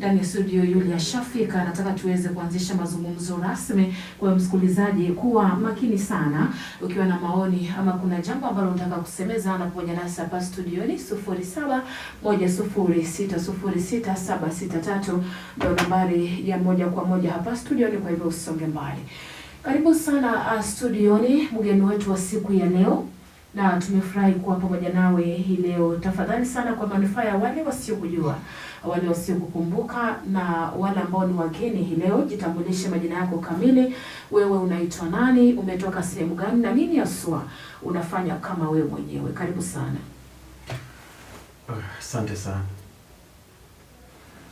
ndani ya studio Yulia Shafika, nataka tuweze kuanzisha mazungumzo rasmi. Kwa msikilizaji, kuwa makini sana ukiwa na maoni ama kuna jambo ambalo unataka kusemeza na pamoja nasi hapa studioni, sufuri saba ndio nambari ya moja kwa moja hapa studioni, kwa hivyo usonge mbali. Karibu sana uh, studioni mgeni wetu wa siku ya leo na tumefurahi kuwa pamoja nawe hii leo. Tafadhali sana, kwa manufaa ya wale wasiokujua wale wasiokukumbuka na wale ambao ni wageni hii leo, jitambulishe majina yako kamili, wewe unaitwa nani, umetoka sehemu gani na nini haswa unafanya kama wewe mwenyewe. Karibu sana. Asante uh, sana.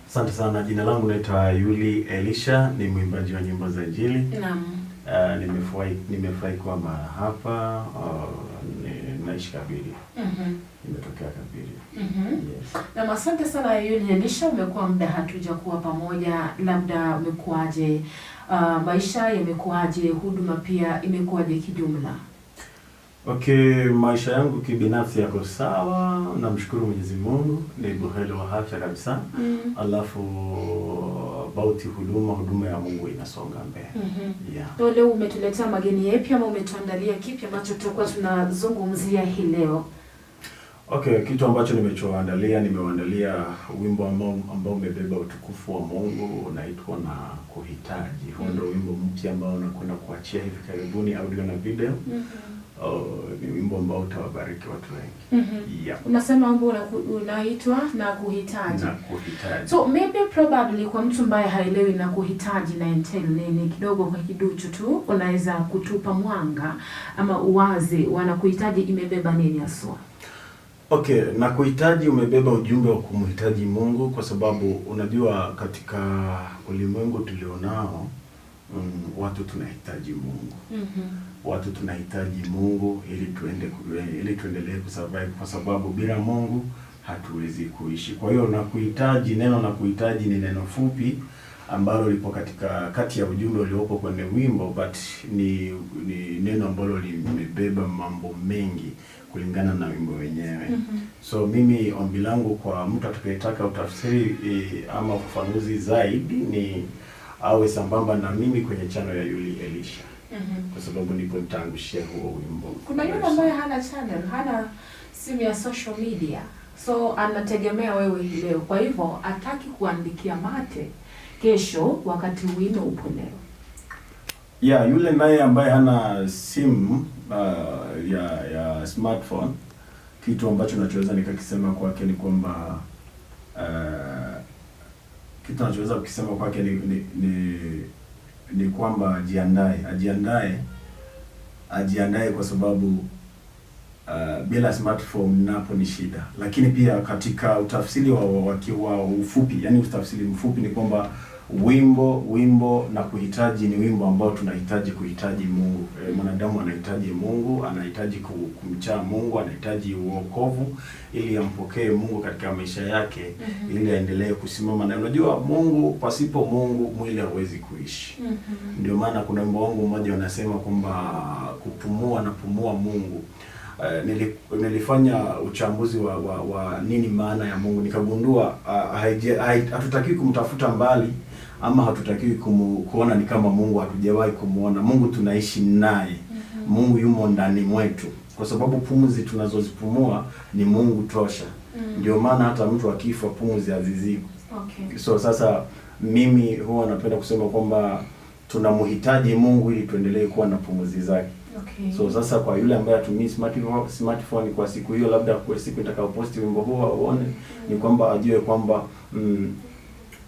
Asante sana. Jina langu naitwa Yuli Elisha, ni mwimbaji wa nyimbo za Injili. Naam. Uh, nimefurahi nimefurahi kuwa mara hapa uh, naishi kabiri Mhm. Nimetokea Kagera. Mhm. Yes. Na asante sana Yuli Elisha, umekuwa muda hatuja kuwa pamoja, labda umekuaje? Uh, ah, maisha yamekuaje? Huduma pia imekuwaje kijumla? Okay, maisha yangu kibinafsi yako sawa, namshukuru Mwenyezi Mungu, ni buheri wa afya kabisa. Mm. Alafu tofauti, huduma huduma ya Mungu inasonga mbele. mm -hmm. Yeah. Leo umetuletea mageni yapi ama umetuandalia kipi ambacho tutakuwa tunazungumzia hii leo? Okay, kitu ambacho nimechoandalia, nimewaandalia wimbo ambao umebeba utukufu wa Mungu unaitwa na kuhitaji. Huo ndio mm-hmm. wimbo mpya ambao nakwenda kuachia hivi karibuni, audio na video. mm -hmm. Oh, ni wimbo ambao utawabariki watu wengi. mm -hmm. Yeah. Unasema wimbo unaitwa na kuhitaji. Na kuhitaji. So maybe probably kwa mtu ambaye haelewi na kuhitaji na entail nini, kidogo kwa kiduchu tu unaweza kutupa mwanga ama uwazi, wanakuhitaji imebeba nini aswa? Okay, na kuhitaji umebeba ujumbe wa kumhitaji Mungu kwa sababu unajua katika ulimwengu tulionao mm, watu tunahitaji Mungu. Mm -hmm. Watu tunahitaji Mungu ili tuende ili tuendelee kusurvive kwa sababu bila Mungu hatuwezi kuishi. Kwa hiyo na kuhitaji, neno na kuhitaji ni neno fupi ambalo lipo katika kati ya ujumbe uliopo kwenye wimbo but ni, ni neno ambalo limebeba mambo mengi kulingana na wimbo wenyewe. mm -hmm. So mimi ombi langu kwa mtu atakayetaka utafsiri e, ama ufafanuzi zaidi ni awe sambamba na mimi kwenye chano ya Yuli Elisha. mm -hmm. Kwa sababu nipo nitaangushia huo wimbo. Kuna yule ambaye hana channel, hana simu ya social media, so anategemea wewe leo, kwa hivyo hataki kuandikia mate kesho wakati wino upo leo. Yeah, yule naye ambaye hana simu uh, ya ya smartphone, kitu ambacho nachoweza nikakisema kwake ni kwamba uh, kitu nachoweza kukisema kwake ni, ni, ni, ni kwamba ajiandae, ajiandae, ajiandae kwa sababu uh, bila smartphone napo ni shida. Lakini pia katika utafsiri wa, wa ufupi, yani utafsiri mfupi ni kwamba wimbo wimbo na kuhitaji ni wimbo ambao tunahitaji kuhitaji Mungu. E, mwanadamu anahitaji Mungu, anahitaji kumchaa Mungu, anahitaji uokovu ili ampokee Mungu katika maisha yake mm -hmm. ili aendelee kusimama na unajua, Mungu pasipo Mungu mwili hauwezi kuishi mm -hmm. Ndio maana kuna wimbo wangu mmoja unasema kwamba kupumua na pumua Mungu Eh, nilifanya uchambuzi wa, wa, wa nini maana ya Mungu nikagundua uh, hatutakiwi kumtafuta mbali ama hatutakiwi kuona ni kama Mungu hatujawahi kumwona. Mungu tunaishi naye mm -hmm. Mungu yumo ndani mwetu kwa sababu pumzi tunazozipumua ni Mungu tosha mm -hmm. Ndio maana hata mtu akifa pumzi haziziki. Okay. So sasa mimi huwa napenda kusema kwamba tunamhitaji Mungu ili tuendelee kuwa na pumzi zake. Okay. So sasa kwa yule ambaye atumii smartphone, smartphone kwa siku hiyo labda kwa siku nitakayoposti wimbo huo auone mm. ni kwamba ajue kwamba mm,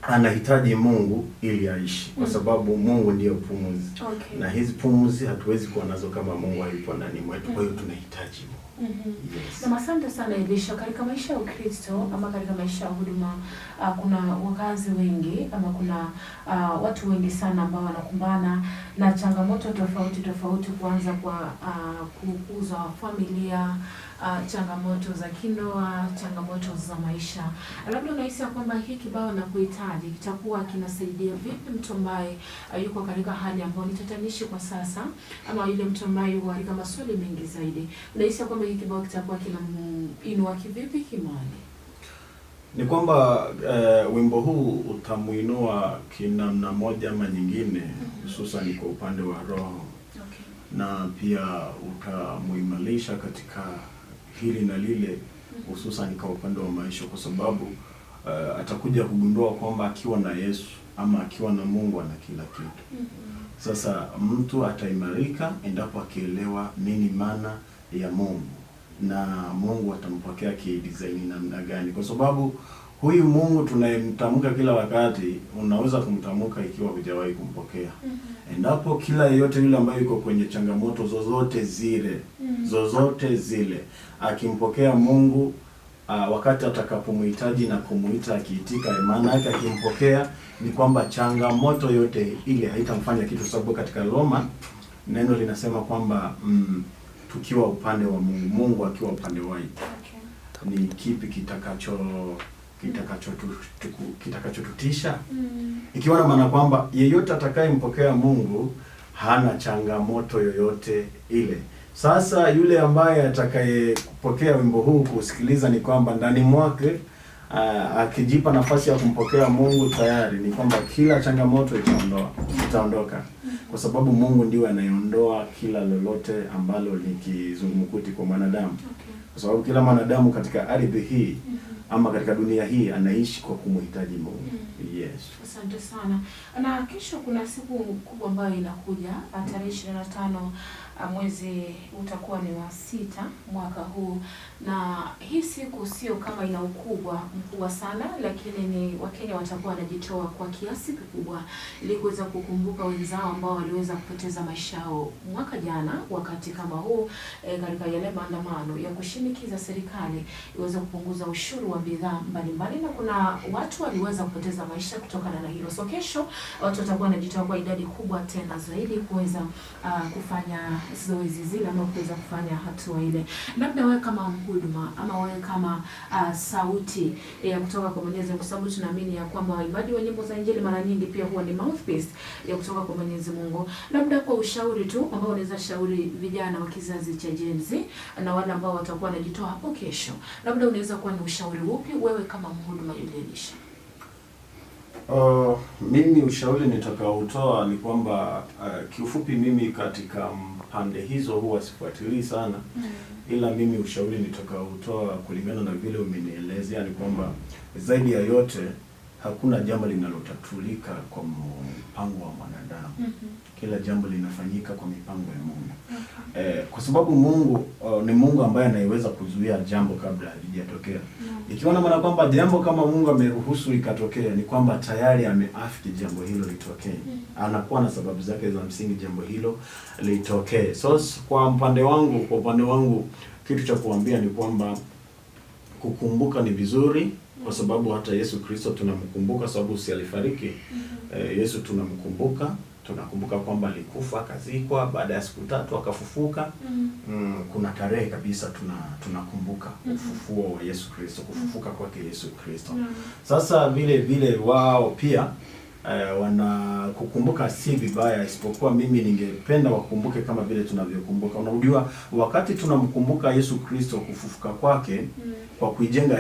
anahitaji Mungu ili aishi kwa mm. sababu Mungu ndiyo pumzi. Okay. Na hizi pumzi hatuwezi kuwa nazo kama Mungu hayupo ndani mwetu, kwa hiyo mm. tunahitaji Mm -hmm. Na asante sana Elisha, katika maisha ya Ukristo ama katika maisha ya huduma uh, kuna wakazi wengi ama kuna uh, watu wengi sana ambao wanakumbana na changamoto tofauti tofauti, kuanza kwa uh, kukuza familia uh, changamoto za kindoa, changamoto za maisha. Labda unahisi kwamba hii kibao na kuhitaji kitakuwa kinasaidia vipi mtu ambaye uh, yuko katika hali ambayo ni tatanishi kwa sasa, ama yule mtu ambaye yuko katika maswali mengi zaidi, unahisi kwamba hii kibao kitakuwa kinamuinua kivipi kimani? Ni kwamba eh, wimbo huu utamuinua kinamna moja ama nyingine, mm-hmm. hususan kwa upande wa roho okay. na pia utamuimarisha katika hili na lile, hususan kwa upande wa maisha, kwa sababu uh, atakuja kugundua kwamba akiwa na Yesu ama akiwa na Mungu ana kila kitu. Sasa mtu ataimarika endapo akielewa nini maana ya Mungu na Mungu atampokea kidizaini namna gani, kwa sababu Huyu Mungu tunayemtamka kila wakati, unaweza kumtamka ikiwa hujawahi kumpokea. mm -hmm. Endapo kila yeyote yule ambaye yuko kwenye changamoto zozote zile, mm -hmm. zozote zile akimpokea Mungu uh, wakati atakapomhitaji na kumuita akiitika, maana yake akimpokea ni kwamba changamoto yote ile haitamfanya kitu, sababu katika Roma neno linasema kwamba mm, tukiwa upande wa Mungu, Mungu akiwa upande wake, okay. ni kipi kitakacho kitakachotutisha mm. Ikiwa na maana kwamba yeyote atakayempokea Mungu hana changamoto yoyote ile. Sasa yule ambaye atakayepokea wimbo huu kusikiliza, ni kwamba ndani mwake uh, akijipa nafasi ya kumpokea Mungu tayari ni kwamba kila changamoto itaondoa itaondoka, mm. kwa sababu Mungu ndiye anayeondoa kila lolote ambalo ni kizungumkuti kwa mwanadamu, kwa sababu kila mwanadamu katika ardhi hii mm ama katika dunia hii anaishi kwa kumhitaji Mungu. Mm. Yes. Asante sana. Na kesho kuna siku kubwa ambayo inakuja tarehe 25 Uh, mwezi utakuwa ni wa sita mwaka huu, na hii siku sio kama ina ukubwa mkubwa sana, lakini ni Wakenya watakuwa wanajitoa kwa kiasi kikubwa ili kuweza kukumbuka wenzao ambao waliweza kupoteza maisha yao mwaka jana wakati kama huu e, katika yale maandamano ya kushinikiza serikali iweze kupunguza ushuru wa bidhaa mbalimbali, na kuna watu waliweza kupoteza maisha kutokana na hilo. So kesho watu watakuwa wanajitoa kwa idadi kubwa tena zaidi kuweza uh, kufanya zoezi zile ama kuweza kufanya hatua ile. Labda wewe kama mhuduma ama wewe kama uh, sauti ya eh, kutoka kwa Mwenyezi Mungu, kwa sababu tunaamini ya kwamba waimbaji wa nyimbo za Injili mara nyingi pia huwa ni mouthpiece ya kutoka kwa Mwenyezi Mungu, labda kwa ushauri tu ambao unaweza shauri vijana wa kizazi cha Gen Z na wale ambao watakuwa wanajitoa hapo kesho, labda unaweza kuwa ni ushauri upi wewe kama mhuduma Julianisha? Uh, ah, mimi ushauri nitakaotoa ni kwamba uh, kiufupi mimi katika pande hizo huwa sifuatilii sana mm -hmm. Ila mimi ushauri nitakaotoa kulingana na vile umenielezea ni kwamba zaidi ya yote hakuna jambo linalotatulika kwa mpango wa mwanadamu. mm -hmm. Kila jambo linafanyika kwa mipango ya Mungu. okay. Eh, kwa sababu Mungu uh, ni Mungu ambaye anaweza kuzuia jambo kabla halijatokea. no. Mm-hmm. Ikiwa na maana kwamba jambo kama Mungu ameruhusu ikatokea, ni kwamba tayari ameafiki jambo hilo litokee. mm. Anakuwa na sababu zake za msingi jambo hilo litokee. So kwa upande wangu, kwa upande wangu, kitu cha kuambia ni kwamba kukumbuka ni vizuri kwa sababu hata Yesu Kristo tunamkumbuka, sababu si alifariki mm -hmm. E, Yesu tunamkumbuka, tunakumbuka kwamba alikufa akazikwa, baada ya siku tatu akafufuka mm -hmm. Mm, kuna tarehe kabisa tuna tunakumbuka mm-hmm. ufufuo mm -hmm. wa Yesu Kristo, kufufuka kwake Yesu Kristo mm -hmm. Sasa vile vile wao pia uh, wanakukumbuka si vibaya, isipokuwa mimi ningependa wakumbuke kama vile tunavyokumbuka. Unajua, wakati tunamkumbuka Yesu Kristo kufufuka kwake mm. kwa kuijenga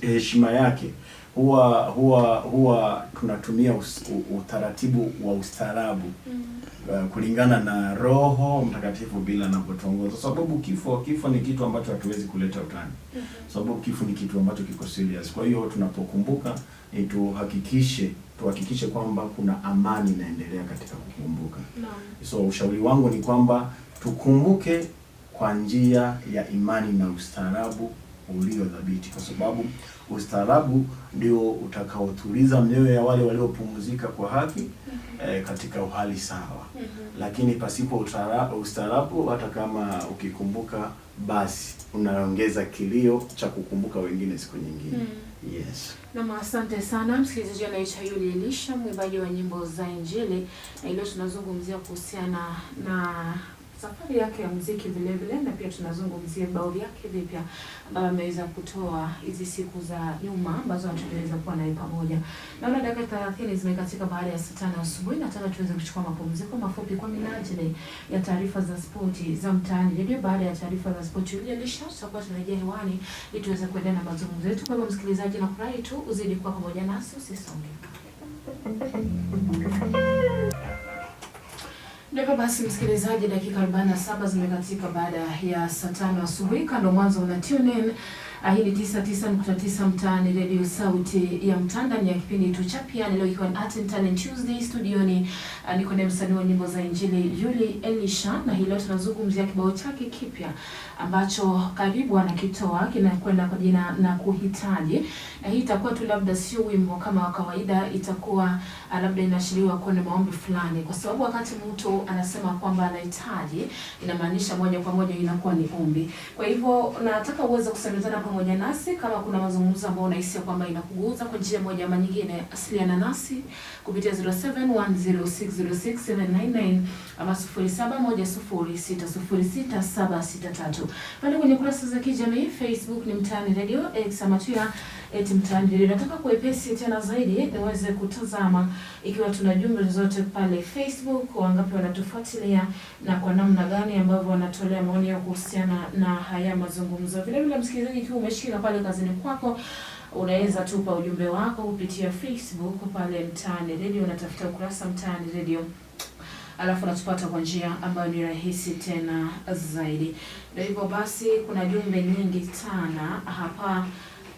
heshima yake huwa huwa huwa tunatumia us, u, utaratibu wa ustaarabu mm. uh, kulingana na Roho Mtakatifu bila anavyotuongoza, sababu kifo kifo ni kitu ambacho hatuwezi kuleta utani mm -hmm. sababu kifo ni kitu ambacho kiko serious. Kwa hiyo tunapokumbuka, tuhakikishe tuhakikishe kwamba kuna amani inaendelea katika kukumbuka no. So ushauri wangu ni kwamba tukumbuke kwa njia ya imani na ustaarabu dhabiti, kwa sababu ustaarabu ndio utakaotuliza mioyo ya wale waliopumzika kwa haki mm -hmm. E, katika uhali sawa mm -hmm. Lakini pasipo ustaarabu, hata kama ukikumbuka, basi unaongeza kilio cha kukumbuka wengine siku nyingine mm -hmm. Yes. Na asante sana msikilizaji anaitwa Yuli Elisha mwimbaji wa nyimbo za Injili, na leo tunazungumzia kuhusiana na safari yake ya muziki vile vile, na pia tunazungumzia vibao vyake vipya ambayo ameweza kutoa hizi siku za nyuma ambazo hatukuweza kuwa naye pamoja. Naona dakika 30 zimekatika baada ya saa tano asubuhi, na tena tuweze kuchukua mapumziko mafupi kwa minajili ya taarifa za spoti za mtaani Ndio Baada ya taarifa za spoti ile ilisha, tutakuwa tunarejea hewani ili tuweze kuendelea na mazungumzo yetu. Kwa hivyo, msikilizaji, na furahi tu uzidi kuwa pamoja nasi, usisonge. Ndivyo basi msikilizaji, dakika 47 zimekatika baada ya saa tano asubuhi. Kando mwanzo una tune in ahidi 99.9 mtaani Radio, sauti ya mtanda ni ya kipindi tu chapiani leo ikiwa ni Art and Talent Tuesday. Studioni uh, niko na msanii wa nyimbo za injili Yuli Elisha, na hii leo tunazungumzia kibao chake kipya ambacho karibu anakitoa kinakwenda kwa jina na kuhitaji, na hii itakuwa tu labda sio wimbo kama wa kawaida, itakuwa uh, labda inaashiriwa kuwa maombi fulani, kwa sababu wakati mtu anasema kwamba anahitaji, inamaanisha moja kwa moja inakuwa ni ombi. Kwa hivyo nataka uweze kusemezana pamoja nasi. Kama kuna mazungumzo ambayo unahisi kwamba inakuguza kwa njia moja ama nyingine, asiliana nasi kupitia 0710606799 ama 0710606763 pale kwenye kurasa za kijamii, Facebook ni Mtaani Radio X Amatura eti mtaani. Nataka kuepesi tena zaidi niweze kutazama ikiwa tuna jumbe zote pale Facebook, wangapi wanatufuatilia na kwa namna gani ambavyo wanatolea maoni yao kuhusiana na haya mazungumzo. Vile vile, msikilizaji, ikiwa umeshika pale kazini kwako unaweza tupa ujumbe wako kupitia Facebook pale Mtaani Radio, unatafuta ukurasa Mtaani Radio alafu natupata kwa njia ambayo ni rahisi tena zaidi. Ndio hivyo basi, kuna jumbe nyingi sana hapa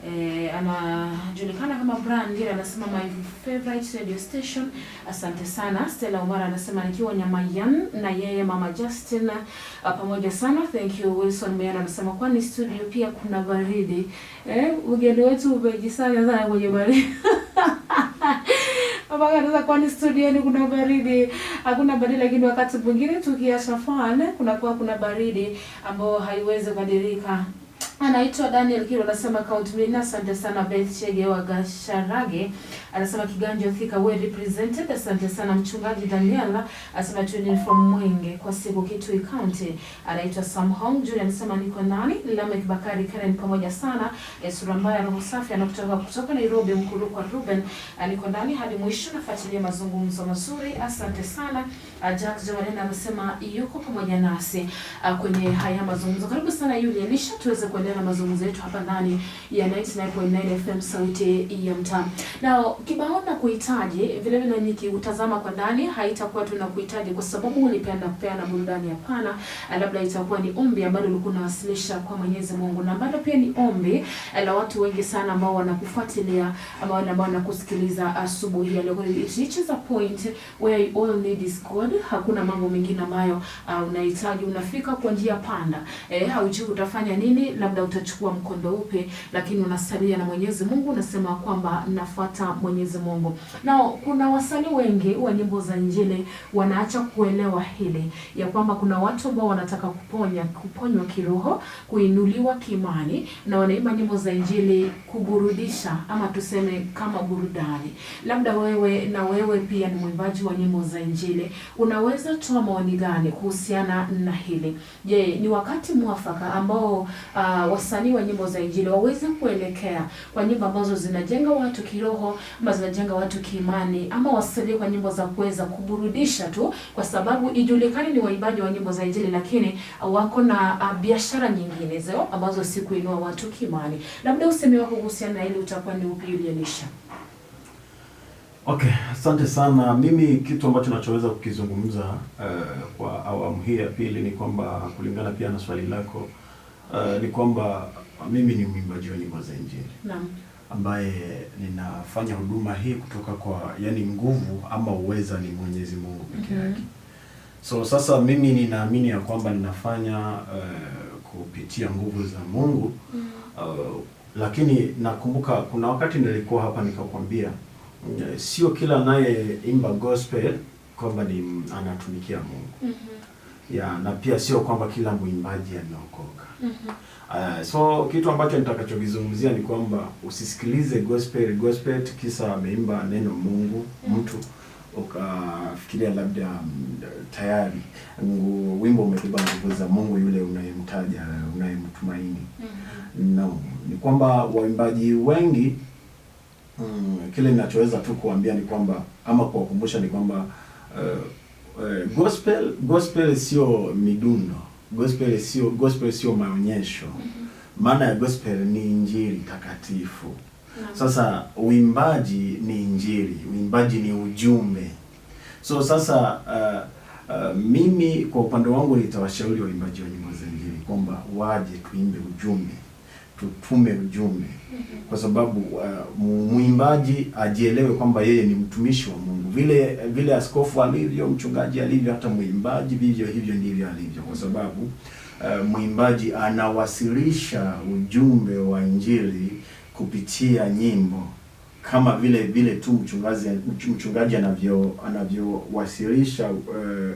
eh, anajulikana kama Brian Ngira anasema my favorite radio station. Asante sana. Stella Omara anasema nikiwa nyama yan na yeye mama Justin uh, pamoja sana. Thank you Wilson Mayana anasema kwani studio pia kuna baridi. Eh, ugeni wetu umejisanya sana kwenye baridi. Mpaka sasa kwani ni kuna baridi. Hakuna baridi, lakini wakati mwingine tukiacha fan kuwa kuna baridi ambayo haiwezi kubadirika. Anaitwa Daniel Kiro anasema Count Mina, asante sana. Beth Chege wa Gasharage anasema kiganjo Thika we represented, asante sana. Mchungaji Daniela, anasema tuning from Mwenge kwa siku kitu County. Anaitwa Sam Hong Junior anasema niko nani, Lamek Bakari Karen pamoja sana. Sura mbaya roho safi anakutoka kutoka Nairobi mkuru kwa Ruben aliko ndani hadi mwisho, nafuatilia mazungumzo mazuri, asante sana. Ah, Jack Joanena anasema yuko pamoja nasi ah, kwenye haya mazungumzo. Karibu sana Julianisha tuweze kwa kuendelea na mazungumzo yetu hapa ndani ya 99.9 FM sauti ya mtaa. Na kibao na kuhitaji vile vile, nikiutazama kwa ndani haitakuwa tu na kuhitaji kwa sababu nipenda na burudani, hapana, eh, labda itakuwa ni ombi ambalo ulikuwa unawasilisha kwa Mwenyezi Mungu, na bado pia ni ombi eh, la watu wengi sana ambao wanakufuatilia ambao ambao wanakusikiliza asubuhi ya leo. It reaches a point where you all need is God. Hakuna mambo mengine ambayo uh, unahitaji unafika kwa njia panda, eh, haujui utafanya nini na labda utachukua mkondo upe, lakini unasalia na Mwenyezi Mungu, unasema kwamba nafuata Mwenyezi Mungu. Na kuna wasanii wengi wa nyimbo za Injili wanaacha kuelewa hili ya kwamba kuna watu ambao wanataka kuponya kuponywa kiroho, kuinuliwa kimani na wanaimba nyimbo za Injili kuburudisha, ama tuseme kama burudani. Labda wewe na wewe pia ni mwimbaji wa nyimbo za Injili, unaweza toa maoni gani kuhusiana na hili? Je, ni wakati mwafaka ambao uh, Uh, wasanii wa nyimbo za Injili waweze kuelekea kwa nyimbo ambazo zinajenga watu kiroho ama zinajenga watu kiimani, ama wasisalie kwa nyimbo za kuweza kuburudisha tu, kwa sababu ijulikane ni waimbaji wa nyimbo za Injili, lakini uh, wako na uh, biashara nyinginezo ambazo si kuinua watu kiimani. Labda usemi wako kuhusiana na hili utakuwa ni upi, Elisha? Okay, asante sana. Mimi kitu ambacho nachoweza kukizungumza uh, kwa awamu hii ya pili ni kwamba kulingana pia na swali lako Uh, ni kwamba mimi ni mwimbaji wa nyimbo za Injili. Naam. ambaye ninafanya huduma hii kutoka kwa yani nguvu ama uweza ni Mwenyezi Mungu peke mhm. yake. mm -hmm. So sasa mimi ninaamini ya kwamba ninafanya uh, kupitia nguvu za Mungu. mm -hmm. uh, lakini nakumbuka kuna wakati nilikuwa hapa nikakwambia, mm -hmm. sio kila anayeimba gospel kwamba ni anatumikia Mungu. mm -hmm. ya na pia sio kwamba kila mwimbaji anaokoka Mm-hmm. Uh, so kitu ambacho nitakachokizungumzia ni kwamba usisikilize gospel gospel kisa ameimba neno Mungu mm. mtu ukafikiria labda mm, tayari wimbo umebeba nguvu za Mungu yule unayemtaja unayemtumaini. Mm-hmm. No, ni kwamba waimbaji wengi mm, kile ninachoweza tu kuambia ni kwamba ama kuwakumbusha ni kwamba uh, uh, gospel gospel sio midundo gospel sio gospel sio maonyesho. Mm-hmm. Maana ya gospel ni injili takatifu. Mm-hmm. Sasa uimbaji ni injili, uimbaji ni ujumbe. So sasa uh, Uh, mimi kwa upande wangu nitawashauri waimbaji wa nyimbo za injili kwamba waje tuimbe ujumbe tutume ujumbe, kwa sababu uh, mwimbaji ajielewe kwamba yeye ni mtumishi wa Mungu. Vile vile askofu alivyo, mchungaji alivyo, hata mwimbaji vivyo hivyo ndivyo alivyo, kwa sababu uh, mwimbaji anawasilisha ujumbe wa Injili kupitia nyimbo kama vile vile tu mchungaji mchungaji anavyo anavyowasilisha uh,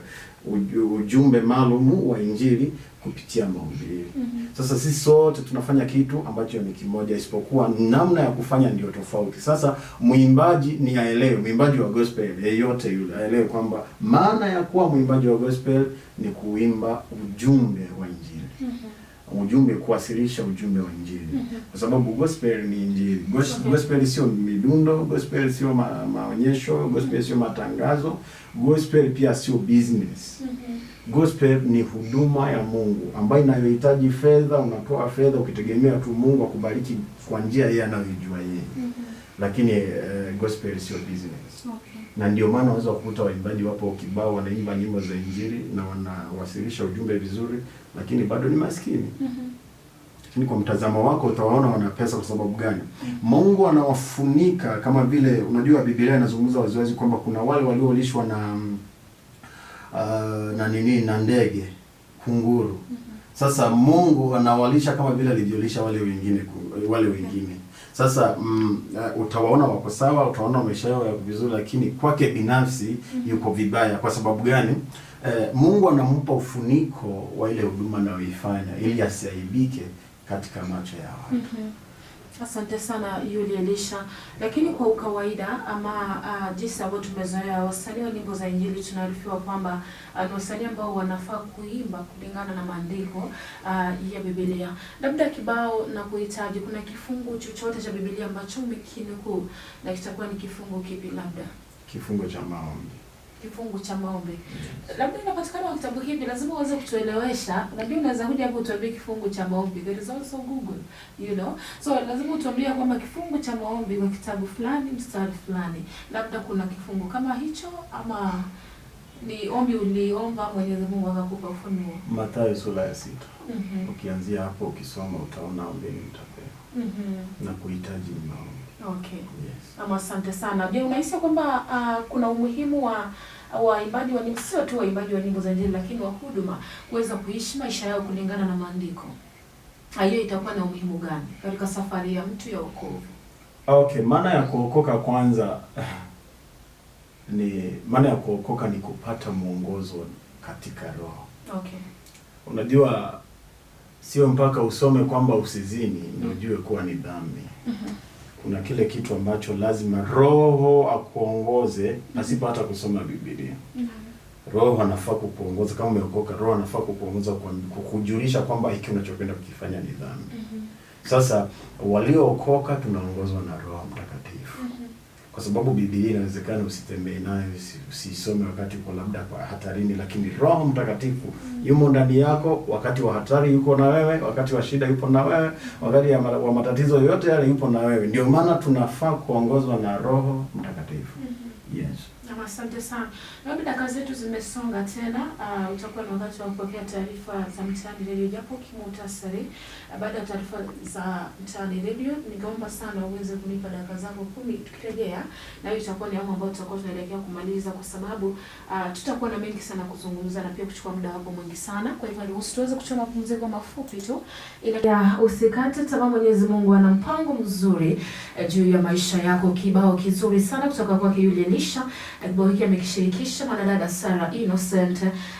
ujumbe maalum wa Injili kupitia mahubiri. Mm -hmm. Sasa sisi sote tunafanya kitu ambacho ni kimoja, isipokuwa namna ya kufanya ndio tofauti. Sasa mwimbaji ni aelewe, mwimbaji wa gospel yeyote yule aelewe kwamba maana ya kuwa mwimbaji wa gospel ni kuimba ujumbe wa Injili. Mm -hmm ujumbe, kuwasilisha ujumbe wa Injili, mhm. kwa sababu gospel ni Injili. Gospel sio midundo, gospel sio ma, maonyesho, gospel sio matangazo, gospel pia sio business. Mhm. Gospel ni huduma ya Mungu ambayo inayohitaji fedha. Unatoa fedha ukitegemea tu Mungu akubariki kwa njia yeye anayojua yeye, mhm. lakini uh, gospel sio business Na ndio maana unaweza kukuta waimbaji wapo kibao wanaimba nyimbo za injili na wanawasilisha ujumbe vizuri, lakini bado ni maskini. mm -hmm. kwa mtazamo wako utawaona wana pesa kwa sababu gani? mm -hmm. Mungu anawafunika kama vile, unajua Biblia inazungumza waziwazi kwamba kuna wale waliolishwa na mm, uh, na nini na ndege kunguru. mm -hmm. Sasa Mungu anawalisha kama vile alivyolisha wale wengine wale wengine sasa mm, uh, utawaona wako sawa, utaona maisha yao yako vizuri, lakini kwake binafsi mm -hmm. yuko vibaya. Kwa sababu gani? Eh, Mungu anampa ufuniko wa ile huduma anayoifanya ili asiaibike katika macho ya watu mm -hmm. Asante sana Yuli Elisha. Lakini kwa ukawaida ama uh, jinsi ambavyo tumezoea wasanii wa nyimbo za Injili tunaarifiwa kwamba uh, ni wasanii ambao wanafaa kuimba kulingana na maandiko uh, ya Biblia. Labda kibao na kuhitaji, kuna kifungu chochote cha Biblia ambacho umekinukuu na kitakuwa ni kifungu kipi? Labda kifungu cha maombi kifungu cha maombi. Labda inapatikana kwa kitabu hivi, lazima uweze kutuelewesha. Unajua, unaweza kuja hapo utuambie kifungu cha maombi, there is also Google you know, so lazima utuambie kwamba kifungu cha maombi kwa kitabu fulani mstari fulani, labda kuna kifungu kama hicho, ama ni ombi uliomba Mwenyezi Mungu akakupa ufunuo. Mathayo sura ya sita mm -hmm. Ukianzia hapo ukisoma utaona ombi ni mtapewa mm -hmm. na kuhitaji maombi Okay. Yes. Ama asante sana. Je, unahisi kwamba uh, kuna umuhimu wa waimbaji wa nyimbo sio tu waimbaji wa nyimbo za Injili lakini wa huduma kuweza kuishi maisha yao kulingana na maandiko? Ah, hiyo itakuwa na umuhimu gani katika safari ya mtu ya wokovu? Okay, maana ya kuokoka kwanza ni maana ya kuokoka ni kupata mwongozo katika roho. Okay. Unajua sio mpaka usome kwamba usizini ndio mm-hmm. ujue kuwa ni dhambi. Mm -hmm kuna kile kitu ambacho lazima Roho akuongoze na sipo hata kusoma Biblia. Mm-hmm. Roho anafaa kukuongoza kama umeokoka, Roho anafaa kukuongoza kwa kukujulisha kwamba hiki unachopenda kukifanya ni dhambi. Mm-hmm. Sasa waliookoka tunaongozwa na Roho Mtakatifu kwa sababu Biblia inawezekana usitembee nayo, usisome wakati uko labda kwa hatarini, lakini Roho Mtakatifu yumo ndani yako. Wakati wa hatari yuko na wewe, wakati wa shida yupo na wewe, wakati wa matatizo yote yale yupo na wewe. Ndio maana tunafaa kuongozwa na Roho Mtakatifu. Mm-hmm. Yes. Naam, asante sana. Labda dakika zetu zimesonga tena. Uh, utakuwa na wakati wa kupokea taarifa za Mtaani Radio japo kimuhtasari. Uh, baada ya taarifa za Mtaani Radio ningeomba sana uweze kunipa dakika zako kumi tukirejea, na hiyo itakuwa ni amu ambayo tutakuwa tunaelekea kumaliza, kwa sababu uh, tutakuwa na mengi sana kuzungumza na pia kuchukua muda wako mwingi sana. Kwa hivyo ruhusu tuweze kuchukua mapumziko mafupi tu, ila ya usikate tamaa. Mwenyezi Mungu ana mpango mzuri uh, juu ya maisha yako. Kibao kizuri sana kutoka kwa Kiyulilisha Kibao hiki amekishirikisha mwanadada Sara Innocent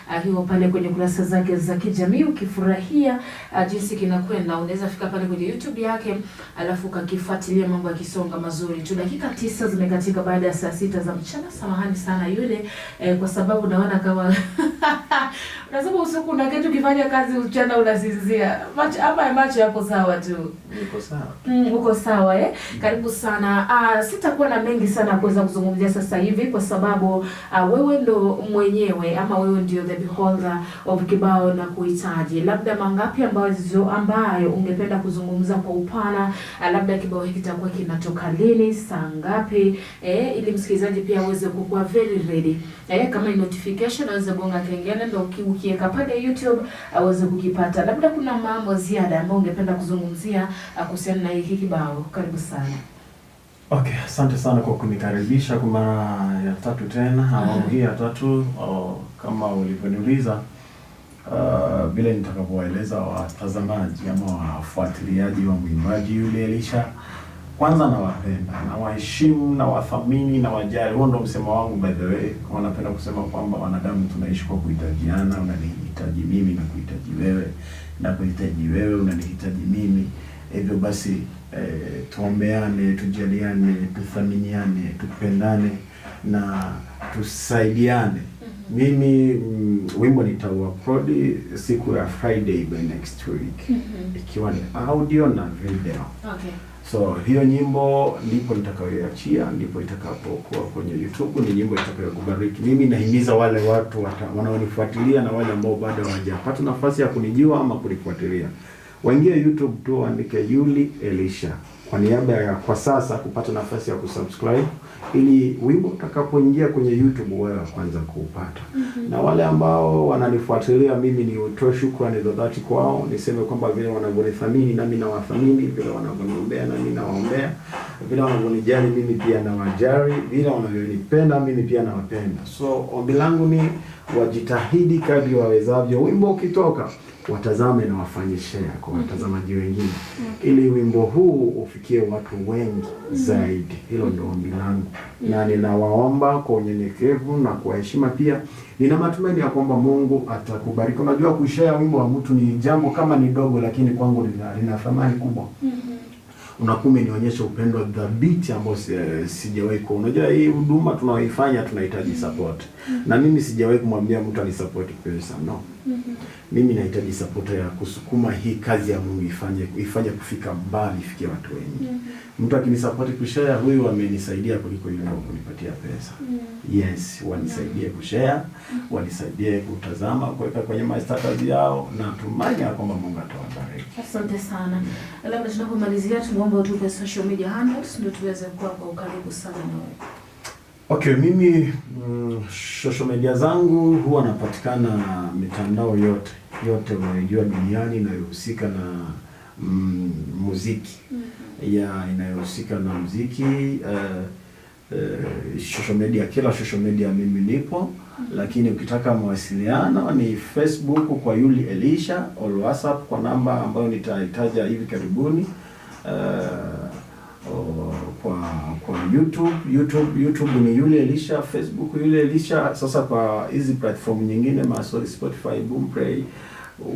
akiwa uh, pale kwenye kurasa zake za kijamii. Ukifurahia uh, jinsi kinakwenda, unaweza fika pale kwenye YouTube yake alafu ukakifuatilia mambo yakisonga mazuri tu. Dakika tisa zimekatika baada ya saa sita za mchana. Samahani sana yule eh, kwa sababu naona kama Nasema usiku na kitu kifanya kazi uchana unasinzia. Macho hapa ya macho yako sawa tu. Niko sawa. Mm, uko sawa eh? Mm. Karibu sana. Ah, sitakuwa na mengi sana kuweza kuzungumzia sasa hivi kwa sababu ah, wewe ndo mwenyewe ama wewe ndio the beholder of kibao na kuhitaji. Labda mangapi ambazo ambayo ungependa kuzungumza kwa upana, ah, labda kibao hiki kitakuwa kinatoka lini, saa ngapi, eh, ili msikilizaji pia aweze kukuwa very ready. Eh, kama ni notification aweze bonga kengele ndio ukiweka pale YouTube aweze kukipata. Labda kuna mambo ziada ambayo ungependa kuzungumzia uh, kuhusiana na hiki kibao, karibu sana. Okay, asante sana kwa kunikaribisha kwa mara ya tatu tena, awamu hii ya tatu. O, kama ulivyoniuliza uh, bila watazamaji ama wafuatiliaji wa mwimbaji yule Elisha kwanza nawapenda, nawaheshimu, nawathamini, nawajali. Huo ndo msemo wangu by the way. Kama kusema kwamba wanadamu tunaishi kwa kuhitajiana, unanihitaji mimi na kuhitaji wewe, na kuhitaji wewe unanihitaji mimi. Hivyo basi e, tuombeane, tujaliane, tuthaminiane, tupendane na tusaidiane. Mm-hmm. Mimi mm, wimbo nitauupload siku ya Friday by next week mm -hmm. Ikiwa ni audio na video okay. So hiyo nyimbo ndipo nitakayoiachia, ndipo itakapokuwa kwenye YouTube. Ni nyimbo itakayokubariki mimi. Nahimiza wale watu wanaonifuatilia na wale ambao bado hawajapata nafasi ya kunijua ama kunifuatilia waingie YouTube tu, waandike Yuli Elisha. Kwa niaba ya kwa sasa kupata nafasi ya kusubscribe ili wimbo utakapoingia kwenye YouTube wewe wa kwanza kuupata. mm -hmm. Na wale ambao wananifuatilia mimi nitoe shukrani za dhati kwao, niseme kwamba vile wanavyonithamini nami nawathamini, vile wanavyoniombea nami nawaombea, vile wanavyonijali mimi pia nawajali, vile wanavyonipenda mimi pia nawapenda. So ombi langu ni wajitahidi kadri wawezavyo, wimbo ukitoka watazame na wafanye share kwa mm-hmm. watazamaji wengine mm-hmm. ili wimbo huu ufikie watu wengi mm-hmm. zaidi. Hilo ndio ombi langu, na ninawaomba kwa unyenyekevu na kwa heshima. Pia nina matumaini ya kwamba Mungu atakubariki. Unajua, kushare wimbo wa mtu ni jambo kama ni dogo, lakini kwangu lina, lina thamani kubwa unakuwa umenionyesha upendo dhabiti ambao eh, sijawahi kuona. Unajua hii huduma tunaoifanya tunahitaji support. Mm -hmm. Na mimi sijawahi kumwambia mtu anisupport pesa, no. Mm -hmm. Mimi nahitaji support ya kusukuma hii kazi ya Mungu ifanye ifanye kufika mbali, ifikie watu wengi. Mm -hmm mtu akinisupport kushare, huyu amenisaidia kuliko yule kunipatia pesa. Yeah. Mm. Yes, wanisaidie yeah, mm. kushare, mm. wanisaidie kutazama, kuweka kwenye my status yao na tumaini ya kwamba Mungu atawabariki. Asante sana. Labda tunapomalizia tumuombe utupe social media handles ndio tuweze kuwa kwa ukaribu sana na wewe. Okay, mimi mm, social media zangu huwa napatikana mitandao yote yote unayojua duniani inayohusika na Mm, muziki mm-hmm. ya inayohusika na muziki uh, uh, social media, kila social media mimi nipo mm-hmm. Lakini ukitaka mawasiliano ni Facebook kwa Yuli Elisha au WhatsApp kwa namba ambayo nitahitaja hivi karibuni uh, kwa kwa YouTube YouTube YouTube ni Yuli Elisha, Facebook Yuli Elisha. Sasa kwa hizi platform nyingine maso Spotify, Boomplay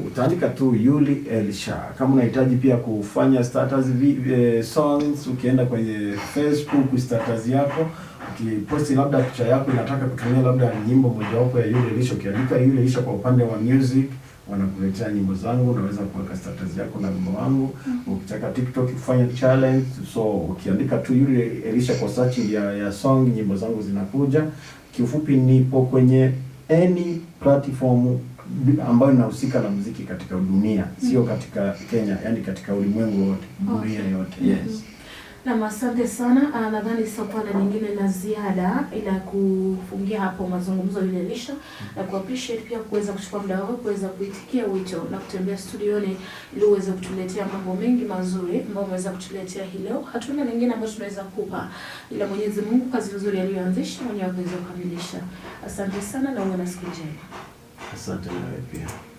utaandika tu Yuli Elisha. Kama unahitaji pia kufanya status vi, e, songs, ukienda kwenye Facebook status yako ukiposti labda picha yako inataka kutumia labda nyimbo mojawapo ya Yuli Elisha, ukiandika Yuli Elisha kwa upande wa music wanakuletea nyimbo zangu, unaweza kuweka status yako na wimbo wangu. Mm-hmm. Ukitaka TikTok kufanya challenge, so ukiandika tu Yuli Elisha kwa search ya, ya song, nyimbo zangu zinakuja. Kiufupi, nipo kwenye any platform ambayo inahusika na muziki katika dunia, sio mm. katika Kenya, yani katika ulimwengu wote, mm. dunia okay. yote yes. Mm-hmm. Na asante sana. Ah, nadhani sitakuwa na nyingine na ziada ila kufungia hapo mazungumzo yaliyoisha na ku appreciate pia kuweza kuchukua muda wako kuweza kuitikia wito na kutembea studioni ili uweze kutuletea mambo mengi mazuri ambayo umeweza kutuletea hii leo. Hatuna nyingine ambayo tunaweza kupa ila Mwenyezi Mungu kazi nzuri aliyoanzisha mwenyewe aweze kukamilisha. Asante sana na uwe na siku njema. Something like that. yeah.